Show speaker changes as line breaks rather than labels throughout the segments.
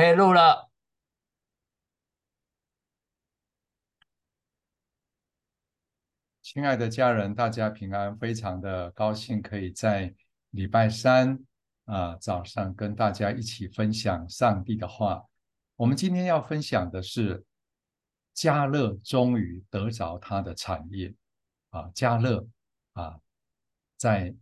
可錄了，親愛的家人，大家平安，非常的高興，可以在禮拜三啊早上跟大家一起分享上帝的話。我們今天要分享的是迦勒終於得着他的產業啊，迦勒啊，在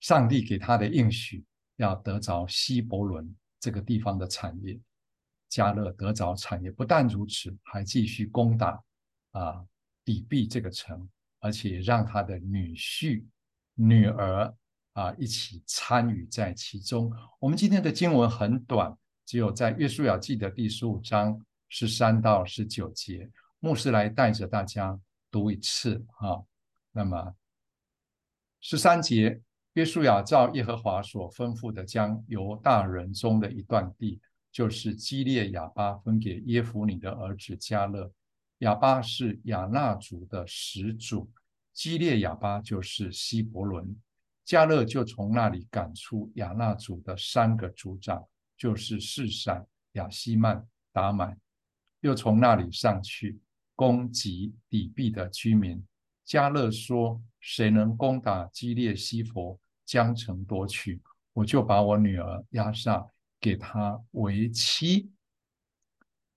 上帝給他的應許要得着希伯崙。這個地方的產業，加勒得著產業。不但如此，還繼續攻打啊底壁這個城，而且讓他的女婿、女兒啊一起參與在其中。我們今天的經文很短，只有在《約書亞記》的第十五章十三到十九節。牧師來帶着大家讀一次啊。那麼十三節。約書亞照耶和華所吩咐的，將猶大人中的一段地，就是基列亞巴，分給耶孚尼的兒子迦勒。亞巴是亞衲族的始祖，基列亞巴就是西伯倫。迦勒就從那裡趕出亞衲族的三個族長，就是示閃、亞希曼、達滿，又從那裡上去攻擊底璧的居民。迦勒說：“誰能攻打基列西弗？將城奪取，我就把我女兒押撒給他為妻。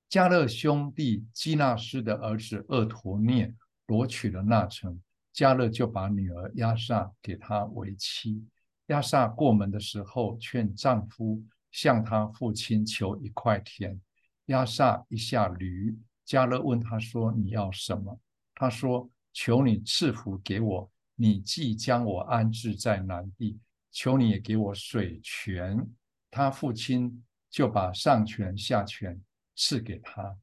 迦勒兄弟基納斯的兒子俄陀聶奪取了那城，迦勒就把女兒押撒給他為妻。押撒過門的時候，勸丈夫向他父親求一塊田。押撒一下驢，迦勒問他說：“你要什麼？”他說：“求你賜福給我。”你既將我安置在南地，求你也給我水泉。他父親就把上泉下泉賜給他。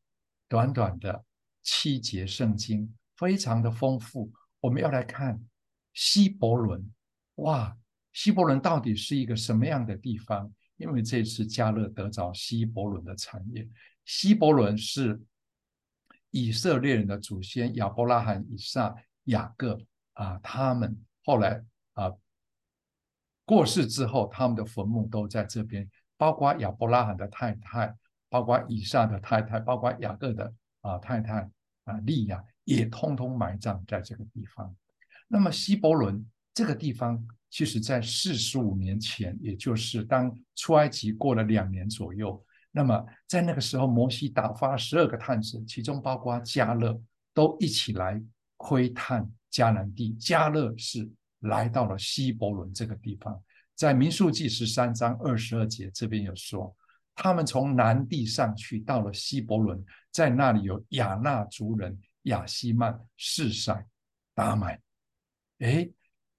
短短的七節聖經，非常的豐富。我們要來看希伯倫。哇，希伯倫到底是一個什麼樣的地方？因為這次迦勒得著希伯倫的產業。希伯倫是以色列人的祖先亞伯拉罕、以撒、雅各。啊，他們後來啊過世之後，他們的墳墓都在這邊，包括亞伯拉罕的太太，包括以撒的太太，包括雅各的啊太太啊利亞，也通通埋葬在這個地方。那麼希伯倫這個地方，其實在四十五年前，也就是當初埃及過了兩年左右，那麼在那個時候，摩西打發十二個探子，其中包括加勒，都一起來窺探。迦南地，迦勒是來到了希伯倫這個地方。在民數記十三章二十二節這邊有說，他們從南地上去到了希伯倫，在那裡有亞衲族人、亞希曼、示撒、達買。誒，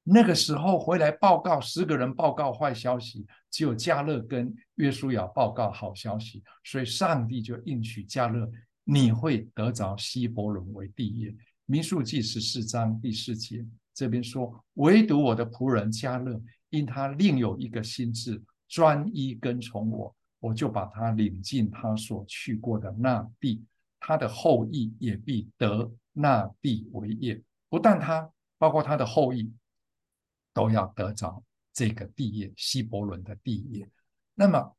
那個時候回來報告，十個人報告壞消息，只有迦勒跟約書亞報告好消息，所以上帝就應許迦勒，你會得着希伯倫為地業。民數記十四章第四節，這邊說：唯獨我的僕人迦勒，因他另有一個心志，專一跟從我，我就把他領進他所去過的那地，他的後裔也必得那地為業。不但他，包括他的後裔，都要得着這個地業，希伯倫的地業。那麼，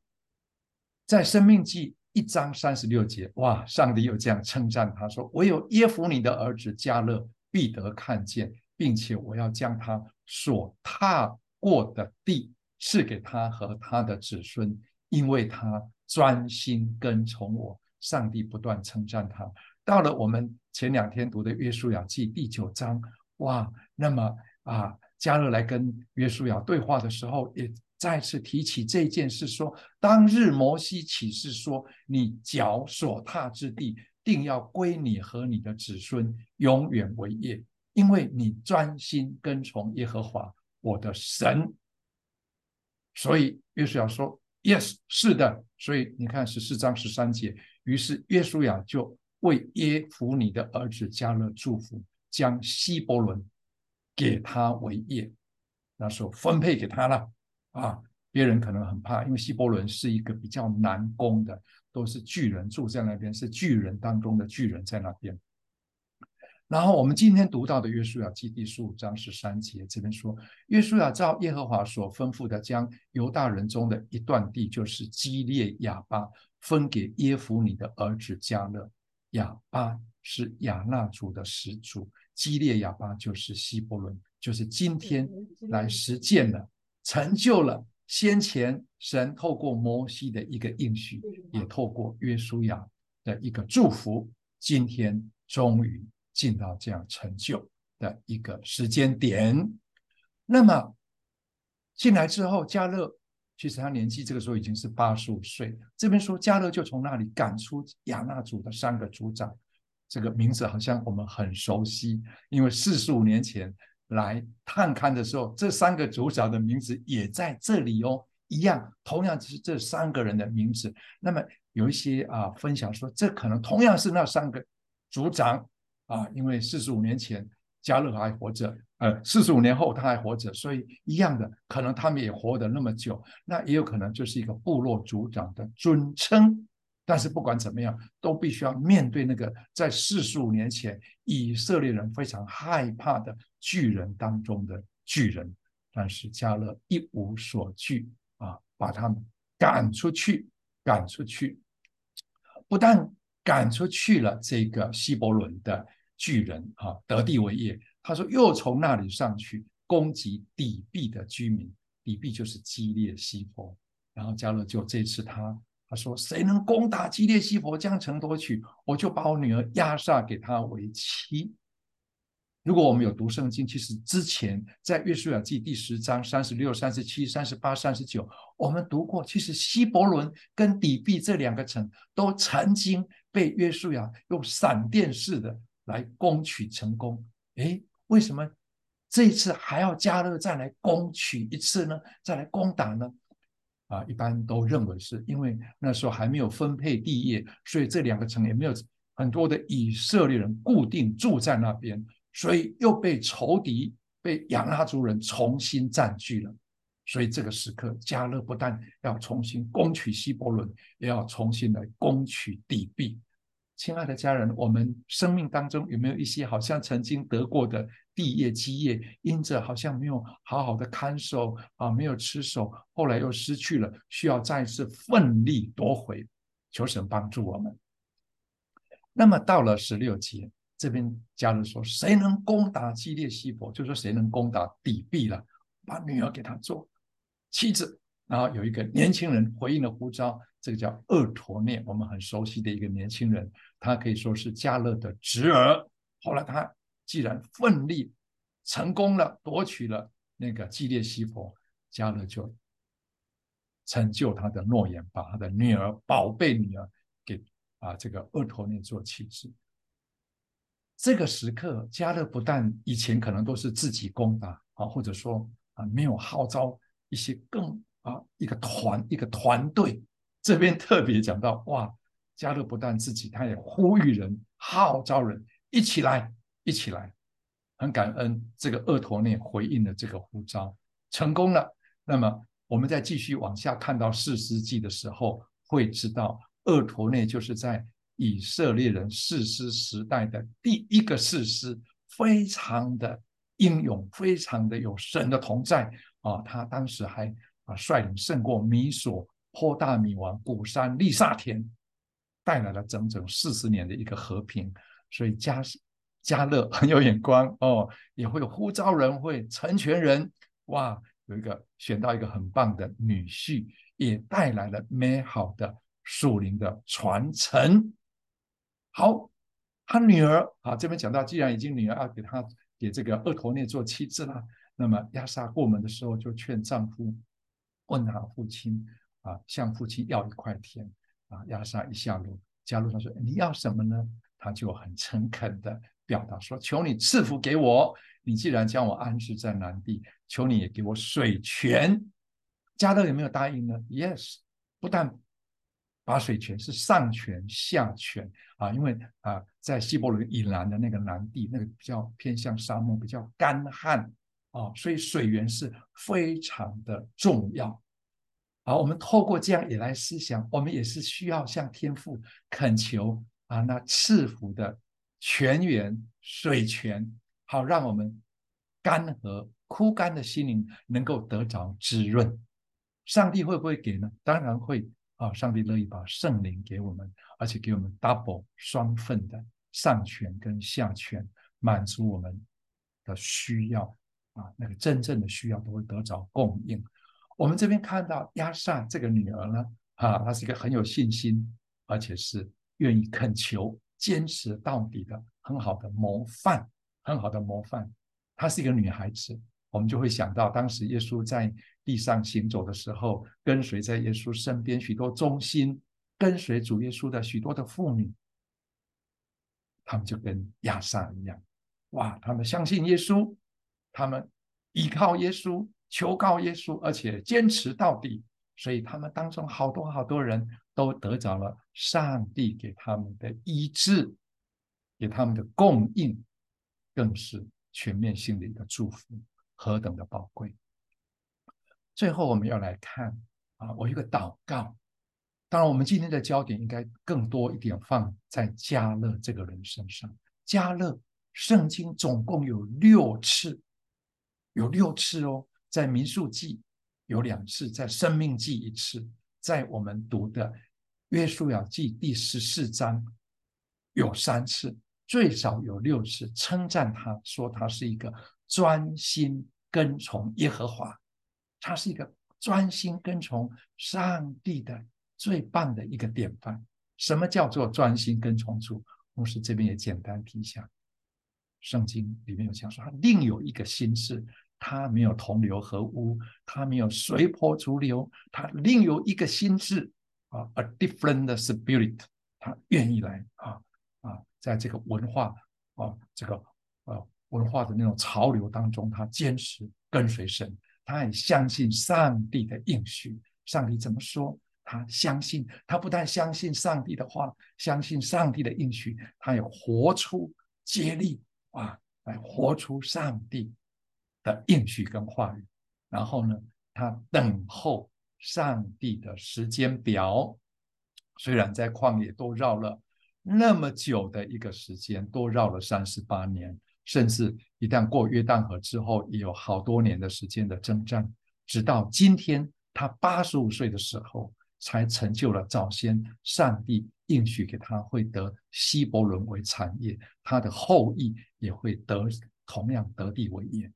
在生命記。一章三十六節，哇！上帝又這樣稱讚他說：“惟有耶孚尼的兒子迦勒，必得看見，並且我要將他所踏過的地賜給他和他的子孫，因為他專心跟從我。”上帝不斷稱讚他。到了我們前兩天讀的約書亞記第九章，哇！那麼啊，迦勒來跟約書亞對話的時候也。再次提起這件事說，說當日摩西起誓說：“你腳所踏之地，定要歸你和你的子孫永遠為業，因為你專心跟從耶和華我的神。”所以約書亞說：“Yes，是的。”所以你看十四章十三節，於是約書亞就為耶孚尼的兒子迦勒祝福，將希伯倫給他為業。那時候分配給他了。啊，別人可能很怕，因為希伯倫是一個比較難攻的，都是巨人住在那邊，是巨人當中的巨人在那邊。然後我們今天讀到的《約書亞記》第十五章十三節，這邊說，約書亞照耶和華所吩咐的，將猶大人中的一段地，就是基列亞巴，分給耶孚尼的兒子迦勒。亞巴是亞衲族的始祖，基列亞巴就是希伯倫，就是今天來實踐的。成就了先前神透過摩西的一個應許，也透過約書亞的一個祝福，今天終於進到這樣成就的一個時間點。那麼進來之後，迦勒其實他年紀這個時候已經是八十五歲了。這邊說，迦勒就從那裡趕出亞衲族的三個族長，這個名字好像我們很熟悉，因為四十五年前。來探看的時候，這三個族長的名字也在這裡哦，一樣，同樣是這三個人的名字。那麼有一些啊，分享說，這可能同樣是那三個族長啊，因為四十五年前加勒還活着，呃，四十五年後他還活着，所以一樣的，可能他們也活得那麼久。那也有可能就是一個部落族長的尊稱。但是不管怎麼樣，都必須要面對那個在四十五年前以色列人非常害怕的。巨人當中的巨人，但是迦勒一無所懼啊，把他們趕出去，趕出去，不但趕出去了這個希伯崙的巨人啊，得地為業。他說又從那裡上去攻擊底璧的居民，底璧就是基列西弗。然後迦勒就這次他他說，誰能攻打基列西弗，將城奪取，我就把我女兒押撒給他為妻。如果我們有讀聖經，其實之前在約書亞記第十章三十六、三十七、三十八、三十九，我們讀過。其實希伯倫跟底璧這兩個城都曾經被約書亞用閃電式的來攻取成功。誒，為什麼這一次還要迦勒再來攻取一次呢？再來攻打呢？啊，一般都認為是因為那時候還沒有分配地業，所以這兩個城也沒有很多的以色列人固定住在那邊。所以又被仇敵、被亞拉族人重新佔據了。所以這個時刻，迦勒不但要重新攻取希伯崙，也要重新來攻取底璧。親愛的家人，我們生命當中有沒有一些好像曾經得過的地業、基業，因着好像沒有好好的看守啊，沒有持守，後來又失去了，需要再次奮力奪回？求神幫助我們。那麼到了十六節。這邊加勒說：“誰能攻打基列西伯，就說誰能攻打底壁了，把女兒給他做妻子。”然後有一個年輕人回應了呼召，這個叫厄陀念，我們很熟悉的一個年輕人，他可以說是加勒的侄兒。後來他既然奮力成功了，奪取了那個基列西伯，加勒就成就他的諾言，把他的女兒、寶貝女兒，給啊這個厄陀念做妻子。這個時刻，迦勒不但以前可能都是自己攻打，啊，或者說啊沒有號召一些更啊一個團一個團隊，這邊特別講到哇，迦勒不但自己，他也呼籲人號召人一起來一起來。很感恩這個俄陀聶回應了這個呼召，成功了。那麼我們再繼續往下看到士師記的時候，會知道俄陀聶就是在。以色列人士師時代的第一個士師，非常的英勇，非常的有神的同在啊！他當時還啊率領勝過米所波大米王古珊利薩田，帶來了整整四十年的一個和平。所以迦迦勒很有眼光哦，也會呼召人，會成全人。哇，有一個選到一個很棒的女婿，也帶來了美好的屬靈的傳承。好，他女兒啊，這邊講到，既然已經女兒要給他給這個俄陀聶做妻子了，那麼押撒過門的時候就勸丈夫，問他父親啊，向父親要一塊田啊。押撒一下驢，迦勒他說你要什麼呢？他就很誠懇的表達說：求你賜福給我，你既然將我安置在南地，求你也給我水泉。迦勒有沒有答應呢？Yes，不但。把水泉是上泉下泉啊，因為啊，在希伯崙以南的那個南地，那個比較偏向沙漠，比較乾旱啊，所以水源是非常的重要。好，我們透過這樣以來思想，我們也是需要向天父懇求啊，那賜福的泉源、水泉好，好讓我們乾涸枯乾的心靈能夠得着滋潤。上帝會不會給呢？當然會。啊，上帝樂意把聖靈給我們，而且給我們 double 雙份的上權跟下權，滿足我們的需要啊，那個真正的需要都會得着供應。我們這邊看到亞薩這個女兒呢，啊，她是一個很有信心，而且是願意懇求、堅持到底的很好的模範，很好的模範。她是一個女孩子，我們就會想到當時耶穌在。地上行走的時候，跟隨在耶穌身邊許多忠心跟隨主耶穌的許多的婦女，他們就跟亞撒一樣，哇！他們相信耶穌，他們依靠耶穌，求告耶穌，而且堅持到底，所以他們當中好多好多人都得着了上帝給他們的醫治，給他們的供應，更是全面性的一個祝福，何等的寶貴！最後，我們要來看啊，我一個禱告。當然，我們今天的焦點應該更多一點放在迦勒這個人身上。迦勒，聖經總共有六次，有六次哦，在民數記有兩次，在申命記，一次，在我們讀的約書亞記第十四章有三次，最少有六次稱讚他，說他是一個專心跟從耶和華。他是一個專心跟從上帝的最棒的一個典範。什麼叫做專心跟從主？牧師這邊也簡單提一下，聖經裡面有講說，他另有一個心志，他沒有同流合污，他沒有隨波逐流，他另有一個心志。啊，a different spirit，他願意來啊啊，在這個文化啊，這個啊文化的那種潮流當中，他堅持跟隨神。他很相信上帝的應許，上帝怎麼說，他相信。他不但相信上帝的話，相信上帝的應許，他也活出接力啊，來活出上帝的應許跟話語。哇然後呢，他等候上帝的時間表。雖然在曠野都繞了那麼久的一個時間，都繞了三十八年。甚至一旦過約旦河之後，也有好多年的時間的征戰，直到今天他八十五歲的時候，才成就了早先上帝應許給他會得希伯倫為產業，他的後裔也會得同樣得地為業，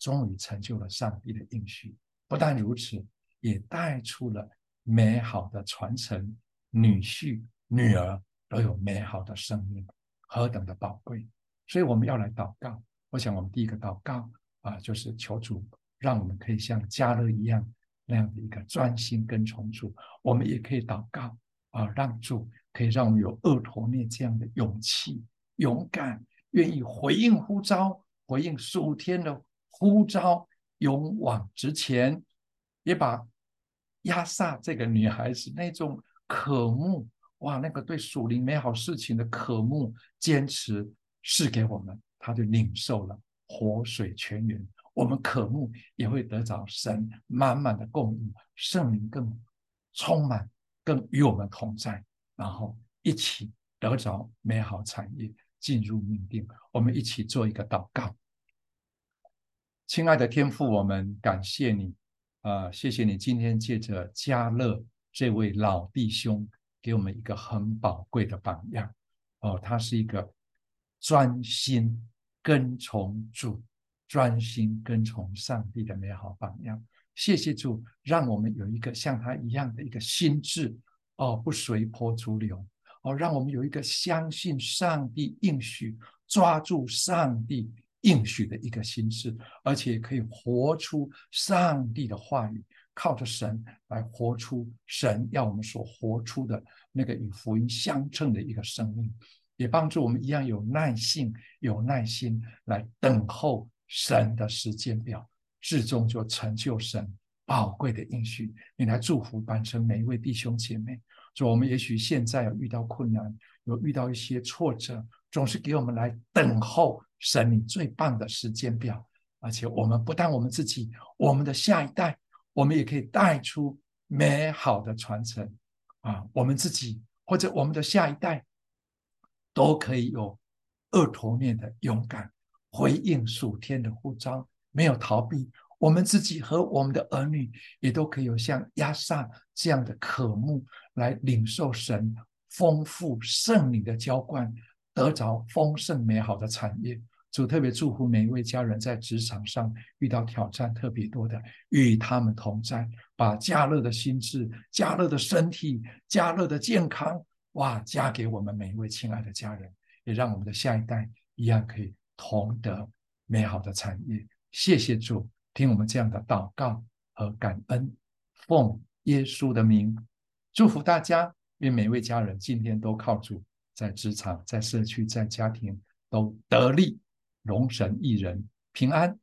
終於成就了上帝的應許。不但如此，也帶出了美好的傳承，女婿、女兒都有美好的生命，何等的寶貴！所以我們要來禱告。我想，我們第一個禱告啊、呃，就是求主讓我們可以像迦勒一樣那樣的一個專心跟從主。我們也可以禱告啊、呃，讓主可以讓我們有俄陀聶這樣的勇氣、勇敢，願意回應呼召，回應屬天的呼召，勇往直前。也把押撒這個女孩子那種渴慕哇，那個對屬靈美好事情的渴慕、堅持。賜給我們，他就領受了活水泉源，我們渴慕也會得着神滿滿的供應，聖靈更充滿，更與我們同在，然後一起得着美好產業，進入命定。我們一起做一個禱告，親愛的天父，我們感謝你，啊、呃，謝謝你今天借着迦勒這位老弟兄給我們一個很寶貴的榜樣，哦，他是一個。專心跟從主，專心跟從上帝的美好榜樣。謝謝主，讓我們有一個像他一樣的一個心智哦，不隨波逐流哦，讓我們有一個相信上帝應許、抓住上帝應許的一個心智，而且可以活出上帝的話語，靠着神來活出神要我們所活出的那個與福音相稱的一個生命。也幫助我們一樣有耐性，有耐心來等候神的時間表，至終就成就神寶貴的應許，你來祝福板城每一位弟兄姐妹。所以我們也許現在有遇到困難，有遇到一些挫折，總是給我們來等候神，你最棒的時間表。而且我們不但我們自己，我們的下一代，我們也可以帶出美好的傳承啊！我們自己或者我們的下一代。都可以有俄陀聶的勇敢回應屬天的呼召，沒有逃避。我們自己和我們的兒女也都可以有像亞薩這樣的渴慕，來領受神豐富聖靈的澆灌，得着豐盛美好的產業。主特別祝福每一位家人在職場上遇到挑戰特別多的，與他們同在，把加熱的心智、加熱的身體、加熱的健康。哇！加給我們每一位親愛的家人，也讓我們的下一代一樣可以同得美好的產業。謝謝主，聽我們這樣的禱告和感恩。奉耶穌的名，祝福大家，願每一位家人今天都靠主，在職場、在社區、在家庭都得力、榮神益人、平安。